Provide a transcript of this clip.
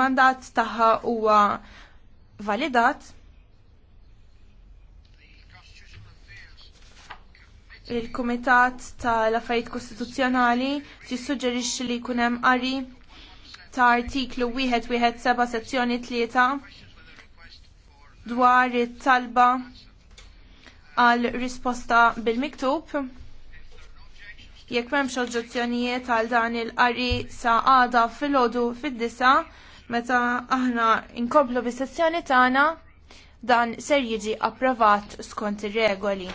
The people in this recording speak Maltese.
mandat taħħa huwa validat il-Kumitat tal-Affarijiet Kostituzzjonali tissuġġerixxi li jkun hemm qari ta' artiklu 117 sezzjoni 3 dwar it-talba għal risposta bil-miktub jekk m'hemmx oġġezzjonijiet għal dan il-qari sa' għada fil-ħodu fid-disa' Meta aħna inkomplu bis-sessjoni tagħna dan ser jiġi approvat skont ir-regoli.